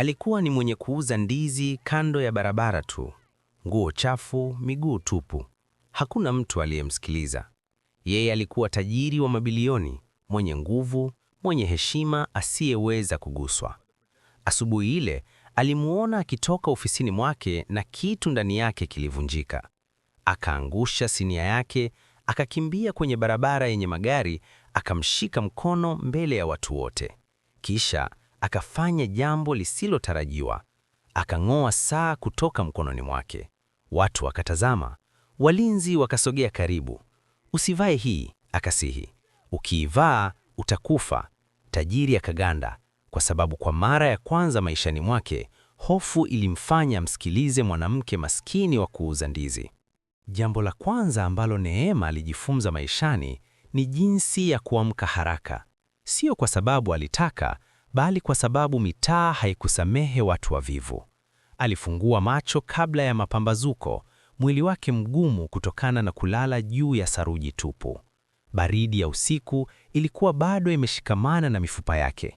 Alikuwa ni mwenye kuuza ndizi kando ya barabara tu, nguo chafu, miguu tupu. Hakuna mtu aliyemsikiliza. Yeye alikuwa tajiri wa mabilioni, mwenye nguvu, mwenye heshima, asiyeweza kuguswa. Asubuhi ile alimuona akitoka ofisini mwake na kitu ndani yake kilivunjika. Akaangusha sinia yake, akakimbia kwenye barabara yenye magari, akamshika mkono mbele ya watu wote. Kisha akafanya jambo lisilotarajiwa, akang'oa saa kutoka mkononi mwake. Watu wakatazama, walinzi wakasogea karibu. Usivae hii, akasihi, ukiivaa utakufa. Tajiri akaganda, kwa sababu kwa mara ya kwanza maishani mwake hofu ilimfanya amsikilize mwanamke maskini wa kuuza ndizi. Jambo la kwanza ambalo Neema alijifunza maishani ni jinsi ya kuamka haraka, sio kwa sababu alitaka, bali kwa sababu mitaa haikusamehe watu wavivu. Alifungua macho kabla ya mapambazuko, mwili wake mgumu kutokana na kulala juu ya saruji tupu. Baridi ya usiku ilikuwa bado imeshikamana na mifupa yake.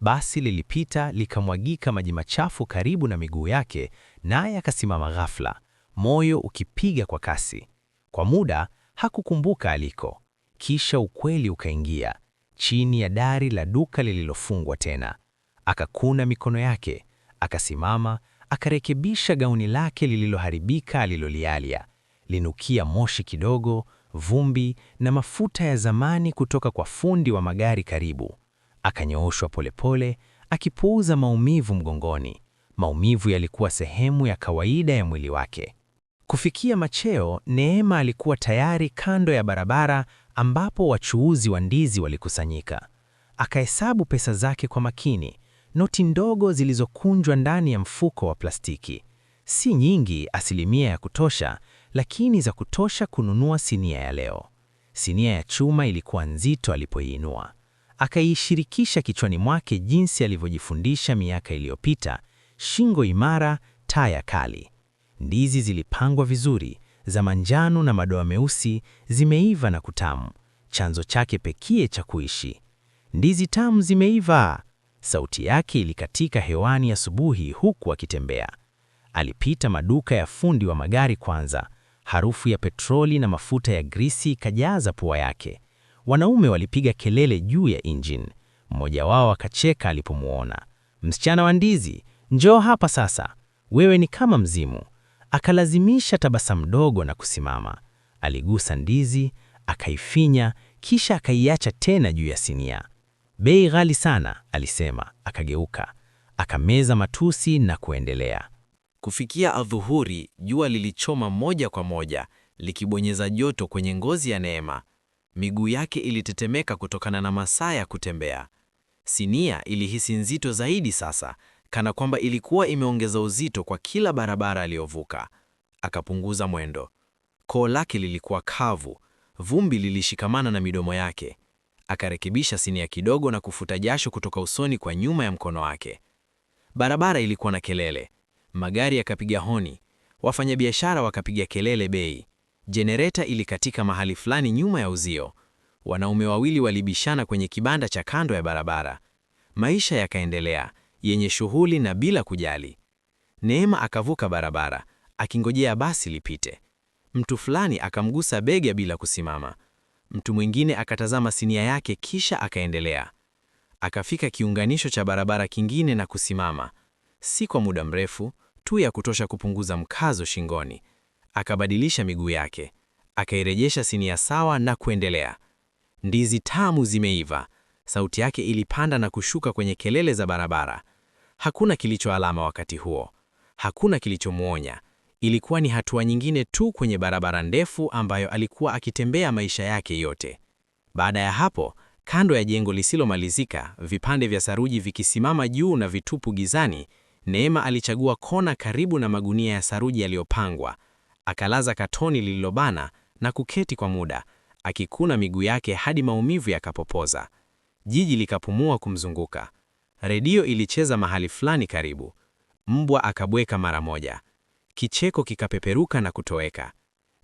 Basi lilipita likamwagika maji machafu karibu na miguu yake, naye akasimama ghafla, moyo ukipiga kwa kasi. Kwa muda hakukumbuka aliko, kisha ukweli ukaingia chini ya dari la duka lililofungwa tena. Akakuna mikono yake, akasimama, akarekebisha gauni lake lililoharibika alilolialia. Linukia moshi kidogo, vumbi na mafuta ya zamani kutoka kwa fundi wa magari karibu. Akanyooshwa polepole, akipuuza maumivu mgongoni. Maumivu yalikuwa sehemu ya kawaida ya mwili wake. Kufikia macheo, Neema alikuwa tayari kando ya barabara ambapo wachuuzi wa ndizi walikusanyika. Akahesabu pesa zake kwa makini, noti ndogo zilizokunjwa ndani ya mfuko wa plastiki. Si nyingi, asilimia ya kutosha, lakini za kutosha kununua sinia ya leo. Sinia ya chuma ilikuwa nzito alipoiinua. Akaishirikisha kichwani mwake jinsi alivyojifundisha miaka iliyopita: shingo imara, taya kali. Ndizi zilipangwa vizuri, za manjano na madoa meusi zimeiva na kutamu, chanzo chake pekee cha kuishi. Ndizi tamu zimeiva. Sauti yake ilikatika hewani asubuhi huku akitembea. Alipita maduka ya fundi wa magari kwanza. Harufu ya petroli na mafuta ya grisi ikajaza pua yake. Wanaume walipiga kelele juu ya injini. Mmoja wao akacheka alipomwona. Msichana wa ndizi, njoo hapa sasa, wewe ni kama mzimu. Akalazimisha tabasamu dogo na kusimama. Aligusa ndizi, akaifinya, kisha akaiacha tena juu ya sinia. Bei ghali sana, alisema, akageuka. Akameza matusi na kuendelea. Kufikia adhuhuri, jua lilichoma moja kwa moja, likibonyeza joto kwenye ngozi ya Neema. Miguu yake ilitetemeka kutokana na masaa ya kutembea. Sinia ilihisi nzito zaidi sasa, kana kwamba ilikuwa imeongeza uzito kwa kila barabara aliyovuka. Akapunguza mwendo. Koo lake lilikuwa kavu, vumbi lilishikamana na midomo yake. Akarekebisha sinia kidogo na kufuta jasho kutoka usoni kwa nyuma ya mkono wake. Barabara ilikuwa na kelele, magari yakapiga honi, wafanyabiashara wakapiga kelele bei. Jenereta ilikatika mahali fulani nyuma ya uzio. Wanaume wawili walibishana kwenye kibanda cha kando ya barabara. Maisha yakaendelea, yenye shughuli na bila kujali. Neema akavuka barabara akingojea basi lipite. Mtu fulani akamgusa bega bila kusimama. Mtu mwingine akatazama sinia yake kisha akaendelea. Akafika kiunganisho cha barabara kingine na kusimama, si kwa muda mrefu tu ya kutosha kupunguza mkazo shingoni. Akabadilisha miguu yake, akairejesha sinia sawa na kuendelea. Ndizi tamu zimeiva, sauti yake ilipanda na kushuka kwenye kelele za barabara. Hakuna kilichoalama wakati huo, hakuna kilichomwonya. Ilikuwa ni hatua nyingine tu kwenye barabara ndefu ambayo alikuwa akitembea maisha yake yote. Baada ya hapo, kando ya jengo lisilomalizika, vipande vya saruji vikisimama juu na vitupu gizani, Neema alichagua kona karibu na magunia ya saruji yaliyopangwa. Akalaza katoni lililobana na kuketi kwa muda, akikuna miguu yake hadi maumivu yakapopoza. Jiji likapumua kumzunguka. Redio ilicheza mahali fulani karibu. Mbwa akabweka mara moja, kicheko kikapeperuka na kutoweka.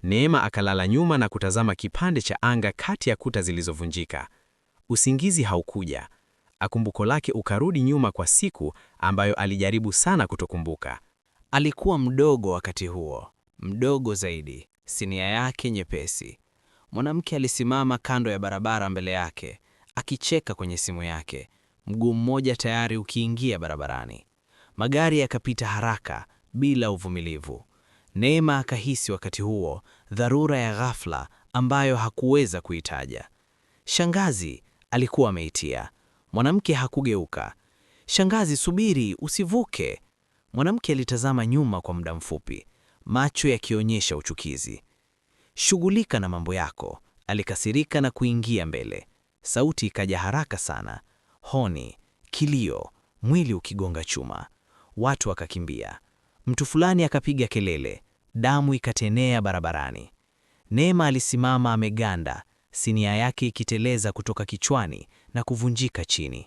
Neema akalala nyuma na kutazama kipande cha anga kati ya kuta zilizovunjika. Usingizi haukuja. Akumbuko lake ukarudi nyuma kwa siku ambayo alijaribu sana kutokumbuka. Alikuwa mdogo wakati huo, mdogo zaidi, sinia yake nyepesi. Mwanamke alisimama kando ya barabara mbele yake, akicheka kwenye simu yake mguu mmoja tayari ukiingia barabarani. Magari yakapita haraka bila uvumilivu. Neema akahisi wakati huo dharura ya ghafla ambayo hakuweza kuitaja. Shangazi alikuwa ameitia. Mwanamke hakugeuka. Shangazi, subiri, usivuke. Mwanamke alitazama nyuma kwa muda mfupi, macho yakionyesha uchukizi. Shughulika na mambo yako, alikasirika na kuingia mbele. Sauti ikaja haraka sana honi, kilio, mwili ukigonga chuma. Watu wakakimbia, mtu fulani akapiga kelele, damu ikatenea barabarani. Neema alisimama ameganda, sinia yake ikiteleza kutoka kichwani na kuvunjika chini.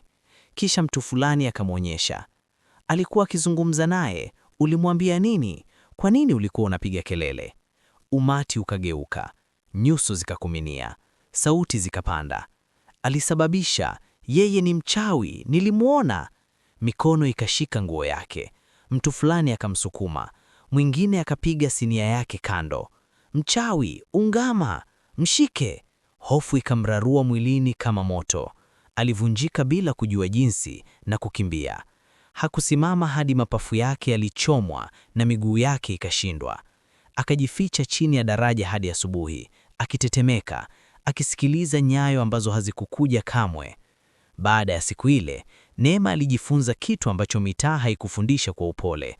Kisha mtu fulani akamwonyesha. Alikuwa akizungumza naye, ulimwambia nini? Kwa nini ulikuwa unapiga kelele? Umati ukageuka, nyuso zikakuminia, sauti zikapanda. Alisababisha yeye ni mchawi, nilimwona. Mikono ikashika nguo yake, mtu fulani akamsukuma, mwingine akapiga sinia yake kando. Mchawi, ungama, mshike! Hofu ikamrarua mwilini kama moto. Alivunjika bila kujua jinsi na kukimbia. Hakusimama hadi mapafu yake yalichomwa na miguu yake ikashindwa. Akajificha chini ya daraja hadi asubuhi, akitetemeka, akisikiliza nyayo ambazo hazikukuja kamwe. Baada ya siku ile, Neema alijifunza kitu ambacho mitaa haikufundisha kwa upole.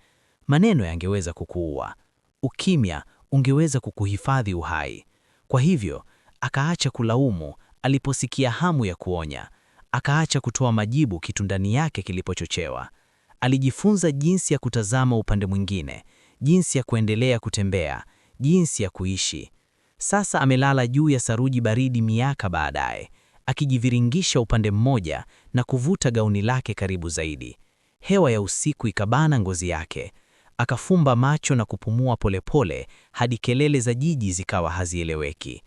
Maneno yangeweza kukuua, ukimya ungeweza kukuhifadhi uhai. Kwa hivyo akaacha kulaumu aliposikia hamu ya kuonya, akaacha kutoa majibu kitu ndani yake kilipochochewa. Alijifunza jinsi ya kutazama upande mwingine, jinsi ya kuendelea kutembea, jinsi ya kuishi. Sasa amelala juu ya saruji baridi miaka baadaye akijiviringisha upande mmoja na kuvuta gauni lake karibu zaidi. Hewa ya usiku ikabana ngozi yake. Akafumba macho na kupumua polepole pole, hadi kelele za jiji zikawa hazieleweki.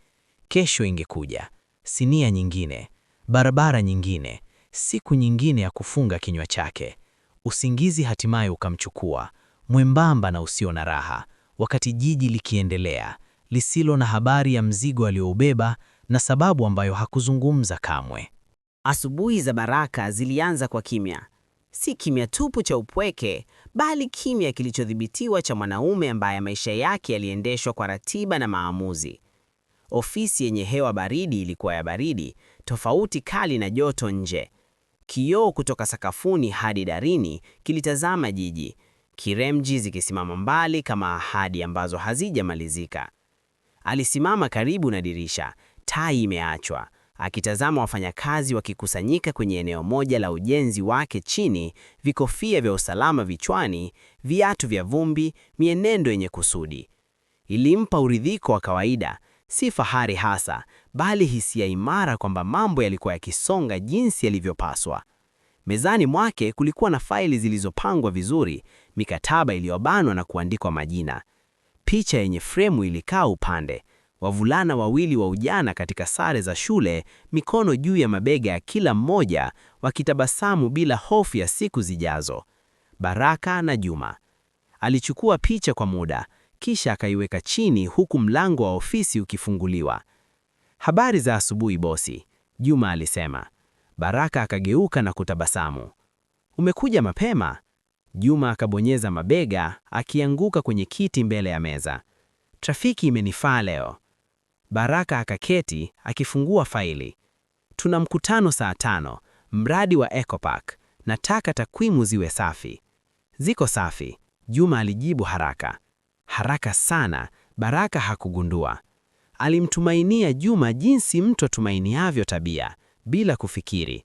Kesho ingekuja, sinia nyingine, barabara nyingine, siku nyingine ya kufunga kinywa chake. Usingizi hatimaye ukamchukua, mwembamba na usio na raha, wakati jiji likiendelea, lisilo na habari ya mzigo aliyoubeba na sababu ambayo hakuzungumza kamwe. Asubuhi za Baraka zilianza kwa kimya, si kimya tupu cha upweke, bali kimya kilichodhibitiwa cha mwanaume ambaye maisha yake yaliendeshwa kwa ratiba na maamuzi. Ofisi yenye hewa baridi ilikuwa ya baridi, tofauti kali na joto nje. Kioo kutoka sakafuni hadi darini kilitazama jiji, kiremji zikisimama mbali kama ahadi ambazo hazijamalizika. Alisimama karibu na dirisha, tai imeachwa akitazama wafanyakazi wakikusanyika kwenye eneo moja la ujenzi wake chini, vikofia vya usalama vichwani, viatu vya vumbi, mienendo yenye kusudi. Ilimpa uridhiko wa kawaida, si fahari hasa, bali hisia imara kwamba mambo yalikuwa yakisonga jinsi yalivyopaswa. Mezani mwake kulikuwa na faili zilizopangwa vizuri, mikataba iliyobanwa na kuandikwa majina. Picha yenye fremu ilikaa upande Wavulana wawili wa ujana katika sare za shule, mikono juu ya mabega ya kila mmoja, wakitabasamu bila hofu ya siku zijazo. Baraka na Juma. Alichukua picha kwa muda, kisha akaiweka chini huku mlango wa ofisi ukifunguliwa. Habari za asubuhi bosi, Juma alisema. Baraka akageuka na kutabasamu. Umekuja mapema? Juma akabonyeza mabega, akianguka kwenye kiti mbele ya meza. Trafiki imenifaa leo. Baraka akaketi akifungua faili. Tuna mkutano saa tano, mradi wa Ecopark. Nataka takwimu ziwe safi. Ziko safi, Juma alijibu haraka. Haraka sana, Baraka hakugundua. Alimtumainia Juma jinsi mtu atumainiavyo tabia bila kufikiri.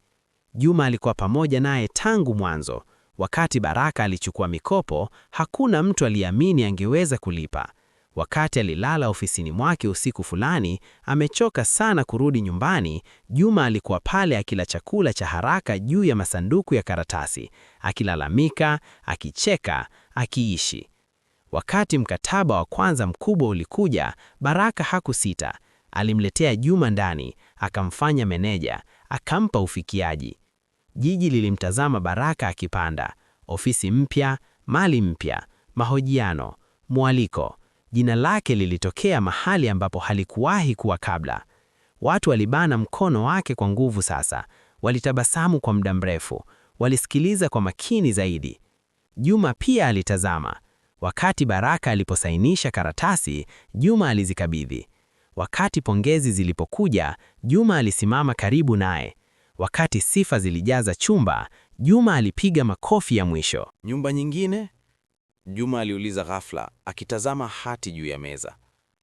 Juma alikuwa pamoja naye tangu mwanzo. Wakati Baraka alichukua mikopo, hakuna mtu aliamini angeweza kulipa. Wakati alilala ofisini mwake usiku fulani, amechoka sana kurudi nyumbani, Juma alikuwa pale akila chakula cha haraka juu ya masanduku ya karatasi, akilalamika, akicheka, akiishi. Wakati mkataba wa kwanza mkubwa ulikuja, Baraka hakusita. Alimletea Juma ndani, akamfanya meneja, akampa ufikiaji. Jiji lilimtazama Baraka akipanda. Ofisi mpya, mali mpya, mahojiano, mwaliko. Jina lake lilitokea mahali ambapo halikuwahi kuwa kabla. Watu walibana mkono wake kwa nguvu sasa, walitabasamu kwa muda mrefu, walisikiliza kwa makini zaidi. Juma pia alitazama. Wakati Baraka aliposainisha karatasi, Juma alizikabidhi. Wakati pongezi zilipokuja, Juma alisimama karibu naye. Wakati sifa zilijaza chumba, Juma alipiga makofi ya mwisho. Nyumba nyingine? Juma aliuliza ghafla, akitazama hati juu ya meza.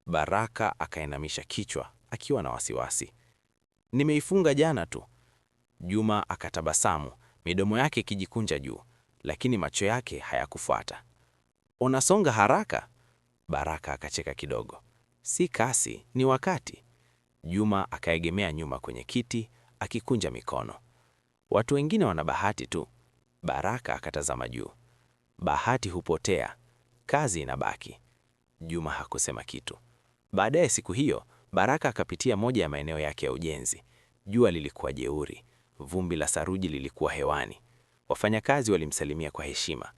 Baraka akainamisha kichwa akiwa na wasiwasi. Nimeifunga jana tu. Juma akatabasamu, midomo yake ikijikunja juu, lakini macho yake hayakufuata. Unasonga haraka? Baraka akacheka kidogo. Si kasi, ni wakati. Juma akaegemea nyuma kwenye kiti akikunja mikono. Watu wengine wana bahati tu. Baraka akatazama juu bahati hupotea, kazi inabaki. Juma hakusema kitu. Baadaye siku hiyo, Baraka akapitia moja ya maeneo yake ya ujenzi. Jua lilikuwa jeuri, vumbi la saruji lilikuwa hewani. Wafanyakazi walimsalimia kwa heshima,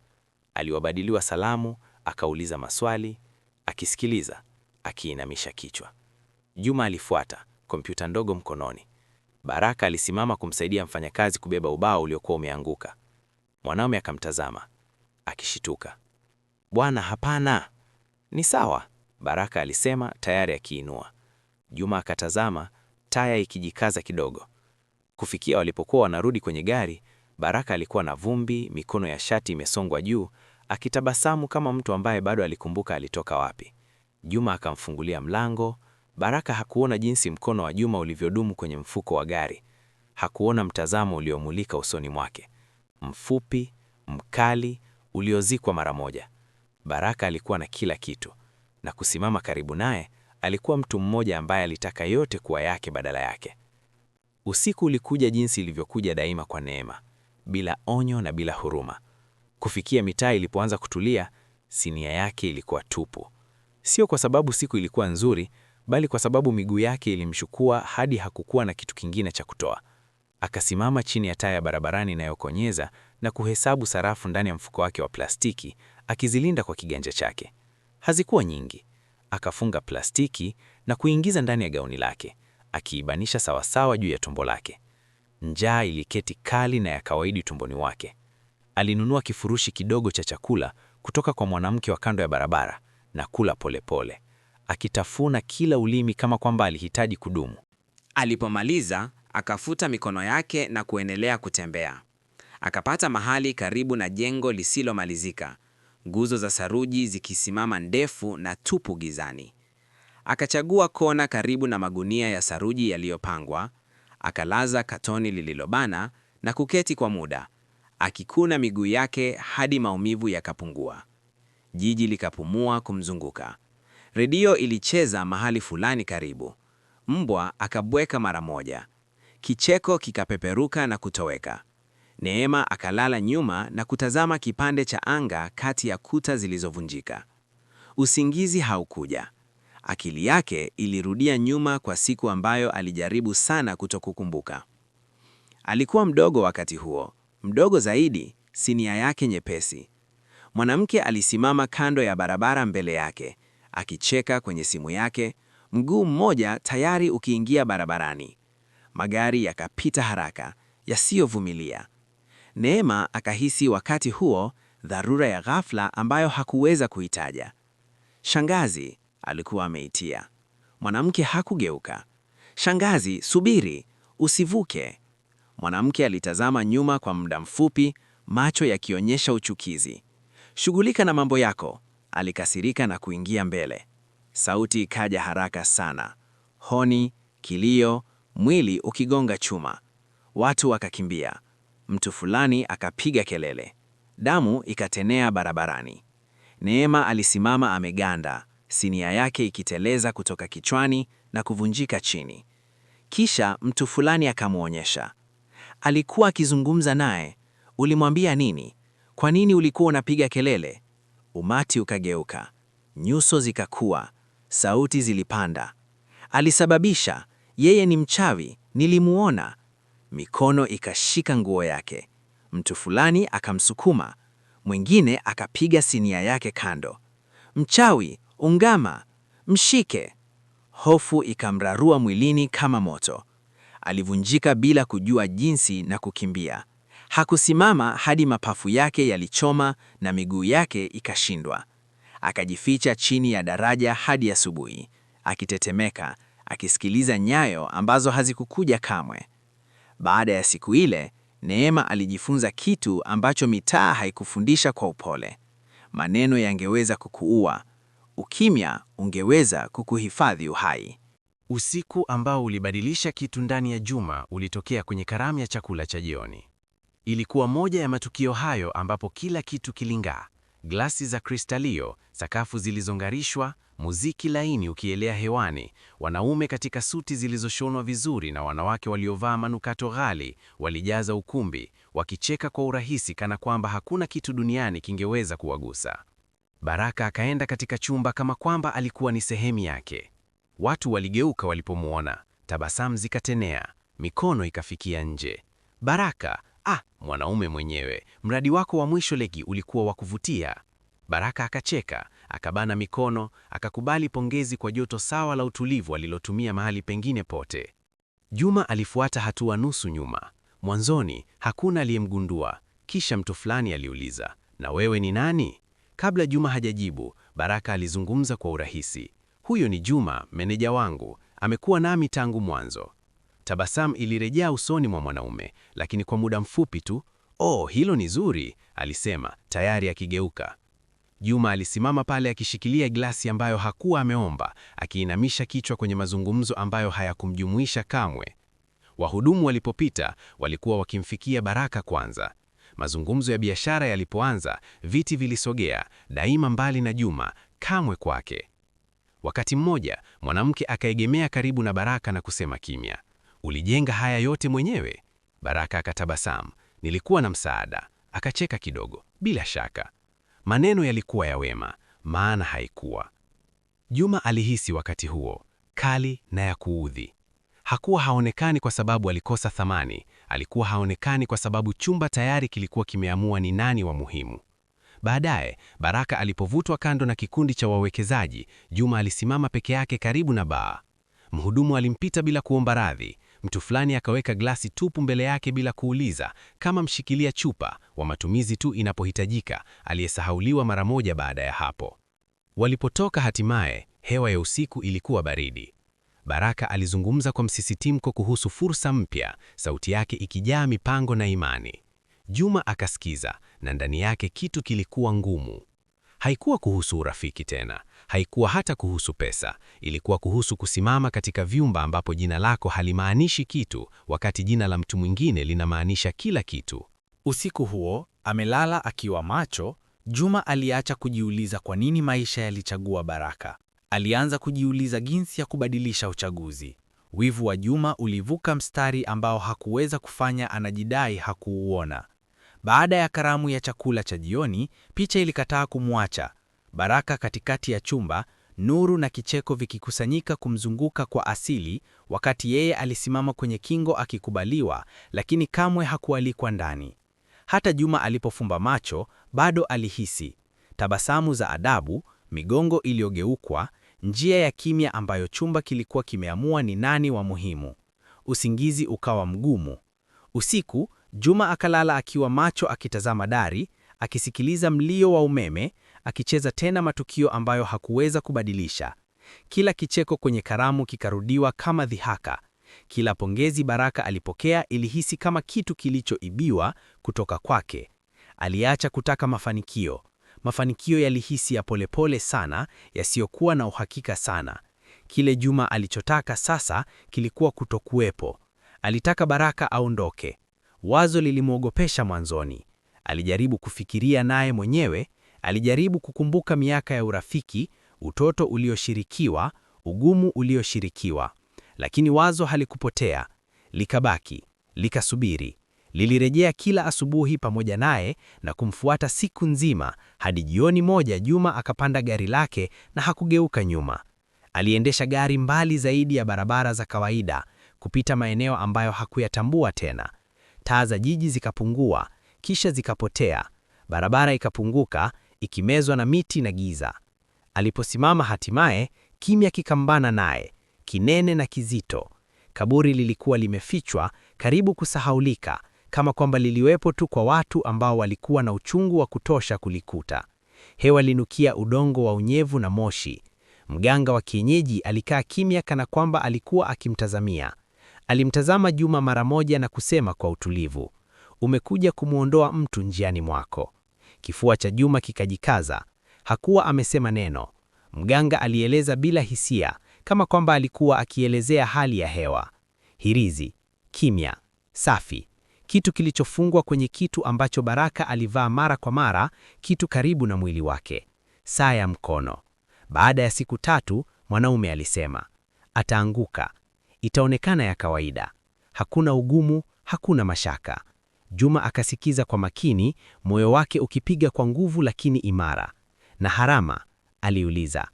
aliwabadiliwa salamu, akauliza maswali, akisikiliza, akiinamisha kichwa. Juma alifuata, kompyuta ndogo mkononi. Baraka alisimama kumsaidia mfanyakazi kubeba ubao uliokuwa umeanguka. Mwanaume akamtazama akishituka. Bwana, hapana! Ni sawa, Baraka alisema tayari akiinua. Juma akatazama taya ikijikaza kidogo. Kufikia walipokuwa wanarudi kwenye gari, Baraka alikuwa na vumbi, mikono ya shati imesongwa juu, akitabasamu kama mtu ambaye bado alikumbuka alitoka wapi. Juma akamfungulia mlango. Baraka hakuona jinsi mkono wa Juma ulivyodumu kwenye mfuko wa gari. Hakuona mtazamo uliomulika usoni mwake, mfupi, mkali, uliozikwa mara moja. Baraka alikuwa na kila kitu, na kusimama karibu naye alikuwa mtu mmoja ambaye alitaka yote kuwa yake badala yake. Usiku ulikuja jinsi ilivyokuja daima kwa Neema, bila onyo na bila huruma. Kufikia mitaa ilipoanza kutulia, sinia yake ilikuwa tupu, sio kwa sababu siku ilikuwa nzuri, bali kwa sababu miguu yake ilimshukua hadi hakukuwa na kitu kingine cha kutoa. Akasimama chini ya taa ya barabarani inayokonyeza na kuhesabu sarafu ndani ya mfuko wake wa plastiki, akizilinda kwa kiganja chake. Hazikuwa nyingi. Akafunga plastiki na kuingiza ndani ya gauni lake, akiibanisha sawasawa juu ya tumbo lake. Njaa iliketi kali na ya kawaidi tumboni wake. Alinunua kifurushi kidogo cha chakula kutoka kwa mwanamke wa kando ya barabara na kula polepole pole, akitafuna kila ulimi kama kwamba alihitaji kudumu. Alipomaliza, akafuta mikono yake na kuendelea kutembea. Akapata mahali karibu na jengo lisilomalizika, nguzo za saruji zikisimama ndefu na tupu gizani. Akachagua kona karibu na magunia ya saruji yaliyopangwa, akalaza katoni lililobana na kuketi kwa muda, akikuna miguu yake hadi maumivu yakapungua. Jiji likapumua kumzunguka. Redio ilicheza mahali fulani karibu. Mbwa akabweka mara moja. Kicheko kikapeperuka na kutoweka. Neema akalala nyuma na kutazama kipande cha anga kati ya kuta zilizovunjika. Usingizi haukuja. Akili yake ilirudia nyuma kwa siku ambayo alijaribu sana kutokukumbuka. Alikuwa mdogo wakati huo, mdogo zaidi, sinia yake nyepesi. Mwanamke alisimama kando ya barabara mbele yake, akicheka kwenye simu yake, mguu mmoja tayari ukiingia barabarani. Magari yakapita haraka, yasiyovumilia. Neema akahisi wakati huo dharura ya ghafla ambayo hakuweza kuitaja. Shangazi, alikuwa ameitia. Mwanamke hakugeuka. Shangazi, subiri, usivuke. Mwanamke alitazama nyuma kwa muda mfupi, macho yakionyesha uchukizi. Shughulika na mambo yako, alikasirika na kuingia mbele. Sauti ikaja haraka sana, honi, kilio, mwili ukigonga chuma. Watu wakakimbia mtu fulani akapiga kelele, damu ikatenea barabarani. Neema alisimama ameganda, sinia yake ikiteleza kutoka kichwani na kuvunjika chini. Kisha mtu fulani akamwonyesha. Alikuwa akizungumza naye. Ulimwambia nini? Kwa nini ulikuwa unapiga kelele? Umati ukageuka, nyuso zikakua, sauti zilipanda. Alisababisha, yeye ni mchawi, nilimuona, Mikono ikashika nguo yake, mtu fulani akamsukuma, mwingine akapiga sinia yake kando. Mchawi, ungama, mshike! Hofu ikamrarua mwilini kama moto. Alivunjika bila kujua jinsi na kukimbia. Hakusimama hadi mapafu yake yalichoma na miguu yake ikashindwa. Akajificha chini ya daraja hadi asubuhi, akitetemeka, akisikiliza nyayo ambazo hazikukuja kamwe. Baada ya siku ile, Neema alijifunza kitu ambacho mitaa haikufundisha kwa upole. Maneno yangeweza kukuua, ukimya ungeweza kukuhifadhi uhai. Usiku ambao ulibadilisha kitu ndani ya Juma ulitokea kwenye karamu ya chakula cha jioni. Ilikuwa moja ya matukio hayo ambapo kila kitu kiling'aa: glasi za kristalio, sakafu zilizong'arishwa, muziki laini ukielea hewani, wanaume katika suti zilizoshonwa vizuri na wanawake waliovaa manukato ghali walijaza ukumbi, wakicheka kwa urahisi kana kwamba hakuna kitu duniani kingeweza kuwagusa. Baraka akaenda katika chumba kama kwamba alikuwa ni sehemu yake. Watu waligeuka walipomwona, tabasamu zikatenea, mikono ikafikia nje. Baraka, ah, mwanaume mwenyewe, mradi wako wa mwisho legi ulikuwa wa kuvutia. Baraka akacheka akabana mikono, akakubali pongezi kwa joto sawa la utulivu alilotumia mahali pengine pote. Juma alifuata hatua nusu nyuma. Mwanzoni hakuna aliyemgundua, kisha mtu fulani aliuliza, na wewe ni nani? Kabla Juma hajajibu, Baraka alizungumza kwa urahisi, huyo ni Juma, meneja wangu, amekuwa nami tangu mwanzo. Tabasamu ilirejea usoni mwa mwanaume, lakini kwa muda mfupi tu. Oh, hilo ni zuri, alisema tayari akigeuka. Juma alisimama pale akishikilia glasi ambayo hakuwa ameomba, akiinamisha kichwa kwenye mazungumzo ambayo hayakumjumuisha kamwe. Wahudumu walipopita walikuwa wakimfikia Baraka kwanza. Mazungumzo ya biashara yalipoanza, viti vilisogea daima mbali na Juma, kamwe kwake. Wakati mmoja, mwanamke akaegemea karibu na Baraka na kusema kimya, ulijenga haya yote mwenyewe? Baraka akatabasamu, nilikuwa na msaada. Akacheka kidogo, bila shaka. Maneno yalikuwa ya wema, maana haikuwa. Juma alihisi wakati huo kali na ya kuudhi. Hakuwa haonekani kwa sababu alikosa thamani, alikuwa haonekani kwa sababu chumba tayari kilikuwa kimeamua ni nani wa muhimu. Baadaye, Baraka alipovutwa kando na kikundi cha wawekezaji, Juma alisimama peke yake karibu na baa. Mhudumu alimpita bila kuomba radhi, Mtu fulani akaweka glasi tupu mbele yake bila kuuliza, kama mshikilia chupa wa matumizi tu inapohitajika, aliyesahauliwa mara moja baada ya hapo. Walipotoka hatimaye, hewa ya usiku ilikuwa baridi. Baraka alizungumza kwa msisitimko kuhusu fursa mpya, sauti yake ikijaa mipango na imani. Juma akasikiza na ndani yake kitu kilikuwa ngumu. Haikuwa kuhusu urafiki tena, haikuwa hata kuhusu pesa, ilikuwa kuhusu kusimama katika vyumba ambapo jina lako halimaanishi kitu, wakati jina la mtu mwingine linamaanisha kila kitu. Usiku huo amelala akiwa macho, Juma aliacha kujiuliza kwa nini maisha yalichagua Baraka. Alianza kujiuliza jinsi ya kubadilisha uchaguzi. Wivu wa Juma ulivuka mstari ambao hakuweza kufanya anajidai hakuuona. Baada ya karamu ya chakula cha jioni, picha ilikataa kumwacha. Baraka katikati ya chumba, nuru na kicheko vikikusanyika kumzunguka kwa asili, wakati yeye alisimama kwenye kingo akikubaliwa, lakini kamwe hakualikwa ndani. Hata Juma alipofumba macho, bado alihisi tabasamu za adabu, migongo iliyogeukwa, njia ya kimya ambayo chumba kilikuwa kimeamua ni nani wa muhimu. Usingizi ukawa mgumu. Usiku Juma akalala akiwa macho akitazama dari, akisikiliza mlio wa umeme akicheza tena matukio ambayo hakuweza kubadilisha. Kila kicheko kwenye karamu kikarudiwa kama dhihaka. Kila pongezi Baraka alipokea ilihisi kama kitu kilichoibiwa kutoka kwake. Aliacha kutaka mafanikio. Mafanikio yalihisi ya polepole sana, yasiyokuwa na uhakika sana. Kile Juma alichotaka sasa kilikuwa kutokuwepo. Alitaka Baraka aondoke. Wazo lilimwogopesha mwanzoni. Alijaribu kufikiria naye mwenyewe, Alijaribu kukumbuka miaka ya urafiki, utoto ulioshirikiwa, ugumu ulioshirikiwa, lakini wazo halikupotea. Likabaki, likasubiri, lilirejea kila asubuhi pamoja naye na kumfuata siku nzima, hadi jioni moja Juma akapanda gari lake na hakugeuka nyuma. Aliendesha gari mbali zaidi ya barabara za kawaida, kupita maeneo ambayo hakuyatambua tena. Taa za jiji zikapungua, kisha zikapotea, barabara ikapunguka, ikimezwa na miti na giza. Aliposimama hatimaye, kimya kikambana naye, kinene na kizito. Kaburi lilikuwa limefichwa, karibu kusahaulika, kama kwamba liliwepo tu kwa watu ambao walikuwa na uchungu wa kutosha kulikuta. Hewa linukia udongo wa unyevu na moshi. Mganga wa kienyeji alikaa kimya, kana kwamba alikuwa akimtazamia. Alimtazama Juma mara moja na kusema kwa utulivu, umekuja kumwondoa mtu njiani mwako, Kifua cha Juma kikajikaza. Hakuwa amesema neno. Mganga alieleza bila hisia, kama kwamba alikuwa akielezea hali ya hewa. Hirizi, kimya, safi, kitu kilichofungwa kwenye kitu ambacho Baraka alivaa mara kwa mara, kitu karibu na mwili wake, saa ya mkono. Baada ya siku tatu, mwanaume alisema ataanguka, itaonekana ya kawaida, hakuna ugumu, hakuna mashaka. Juma akasikiza kwa makini, moyo wake ukipiga kwa nguvu lakini imara. Na harama? aliuliza.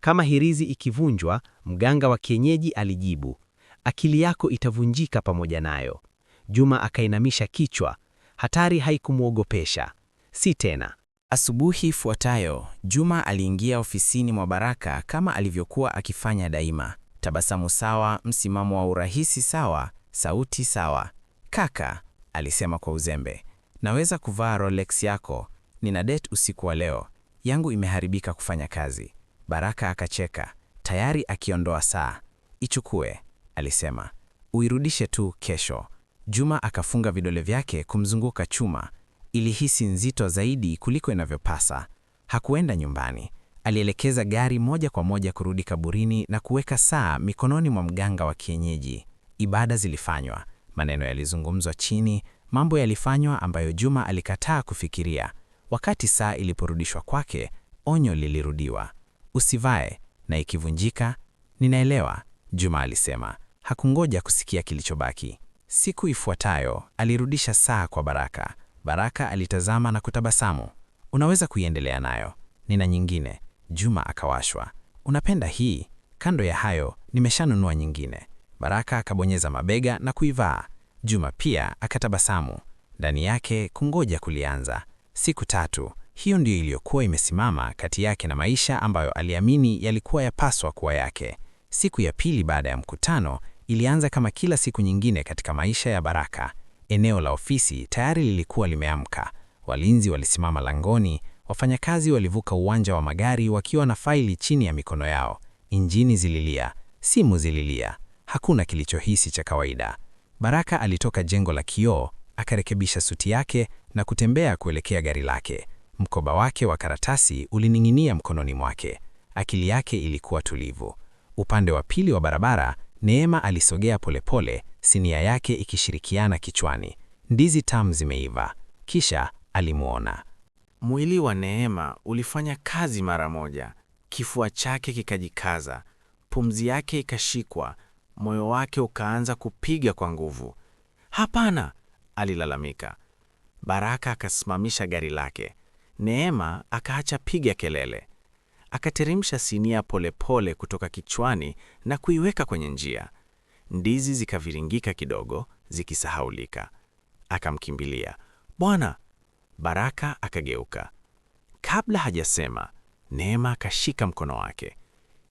Kama hirizi ikivunjwa, mganga wa kienyeji alijibu, akili yako itavunjika pamoja nayo. Juma akainamisha kichwa. Hatari haikumwogopesha, si tena. Asubuhi ifuatayo Juma aliingia ofisini mwa Baraka kama alivyokuwa akifanya daima, tabasamu sawa, msimamo wa urahisi sawa, sauti sawa. Kaka, alisema kwa uzembe. Naweza kuvaa Rolex yako, nina date usiku wa leo, yangu imeharibika kufanya kazi. Baraka akacheka, tayari akiondoa saa. Ichukue, alisema, uirudishe tu kesho. Juma akafunga vidole vyake kumzunguka chuma. Ilihisi nzito zaidi kuliko inavyopasa. Hakuenda nyumbani, alielekeza gari moja kwa moja kurudi kaburini na kuweka saa mikononi mwa mganga wa kienyeji. Ibada zilifanywa. Maneno yalizungumzwa chini, mambo yalifanywa ambayo Juma alikataa kufikiria. Wakati saa iliporudishwa kwake, onyo lilirudiwa, usivae na ikivunjika. Ninaelewa, Juma alisema. Hakungoja kusikia kilichobaki. Siku ifuatayo alirudisha saa kwa Baraka. Baraka alitazama na kutabasamu. Unaweza kuiendelea nayo, nina nyingine. Juma akawashwa. Unapenda hii? Kando ya hayo, nimeshanunua nyingine. Baraka akabonyeza mabega na kuivaa. Juma pia akatabasamu, ndani yake kungoja kulianza. Siku tatu, hiyo ndiyo iliyokuwa imesimama kati yake na maisha ambayo aliamini yalikuwa yapaswa kuwa yake. Siku ya pili baada ya mkutano ilianza kama kila siku nyingine katika maisha ya Baraka. Eneo la ofisi tayari lilikuwa limeamka. Walinzi walisimama langoni, wafanyakazi walivuka uwanja wa magari wakiwa na faili chini ya mikono yao. Injini zililia, simu zililia. Hakuna kilichohisi cha kawaida. Baraka alitoka jengo la kioo, akarekebisha suti yake na kutembea kuelekea gari lake. Mkoba wake wa karatasi ulining'inia mkononi mwake. Akili yake ilikuwa tulivu. Upande wa pili wa barabara, Neema alisogea polepole, sinia yake ikishirikiana kichwani. Ndizi tamu zimeiva. Kisha alimwona. Mwili wa Neema ulifanya kazi mara moja. Kifua chake kikajikaza, pumzi yake ikashikwa Moyo wake ukaanza kupiga kwa nguvu. Hapana, alilalamika. Baraka akasimamisha gari lake. Neema akaacha piga kelele. Akateremsha sinia polepole pole kutoka kichwani na kuiweka kwenye njia. Ndizi zikaviringika kidogo, zikisahaulika. Akamkimbilia, bwana. Baraka akageuka. Kabla hajasema, Neema akashika mkono wake.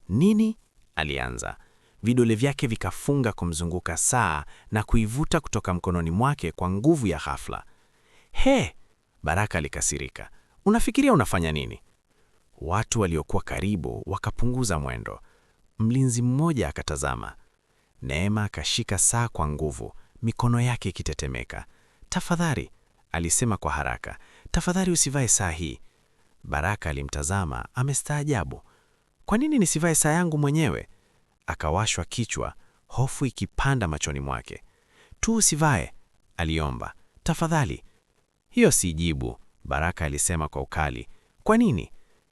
Nini? alianza vidole vyake vikafunga kumzunguka saa na kuivuta kutoka mkononi mwake kwa nguvu ya ghafla. He! Baraka alikasirika. Unafikiria unafanya nini? Watu waliokuwa karibu wakapunguza mwendo. Mlinzi mmoja akatazama. Neema akashika saa kwa nguvu, mikono yake ikitetemeka. Tafadhali, alisema kwa haraka, tafadhali usivae saa hii. Baraka alimtazama amestaajabu. Kwa nini nisivae saa yangu mwenyewe? akawashwa kichwa, hofu ikipanda machoni mwake. Tu usivae, aliomba tafadhali. Hiyo si jibu, Baraka alisema kwa ukali. Kwa nini?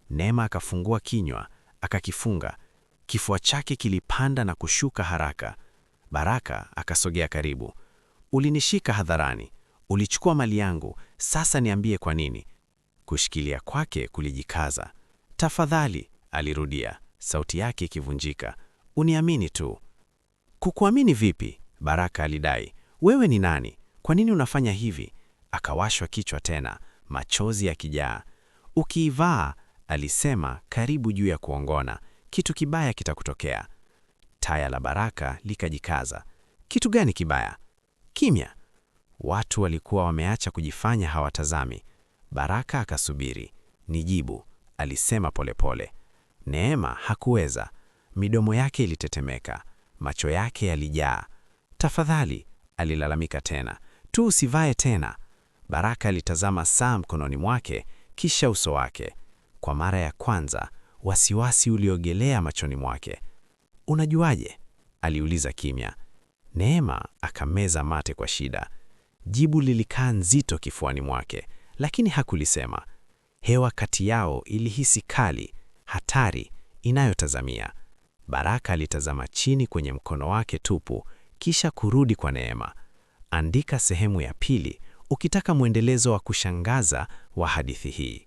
Neema akafungua kinywa, akakifunga. Kifua chake kilipanda na kushuka haraka. Baraka akasogea karibu. Ulinishika hadharani, ulichukua mali yangu, sasa niambie kwa nini. Kushikilia kwake kulijikaza. Tafadhali, alirudia, sauti yake ikivunjika uniamini tu. Kukuamini vipi? Baraka alidai. Wewe ni nani? Kwa nini unafanya hivi? Akawashwa kichwa tena, machozi yakijaa. Ukiivaa, alisema karibu juu ya kuongona, kitu kibaya kitakutokea. Taya la Baraka likajikaza. Kitu gani kibaya? Kimya. Watu walikuwa wameacha kujifanya hawatazami. Baraka akasubiri. Nijibu, alisema polepole. Neema hakuweza. Midomo yake ilitetemeka, macho yake yalijaa. Tafadhali, alilalamika tena, tu usivae tena. Baraka alitazama saa mkononi mwake, kisha uso wake. Kwa mara ya kwanza wasiwasi uliogelea machoni mwake. Unajuaje? aliuliza kimya. Neema akameza mate kwa shida. Jibu lilikaa nzito kifuani mwake, lakini hakulisema. Hewa kati yao ilihisi kali, hatari, inayotazamia. Baraka alitazama chini kwenye mkono wake tupu, kisha kurudi kwa Neema. Andika sehemu ya pili ukitaka mwendelezo wa kushangaza wa hadithi hii.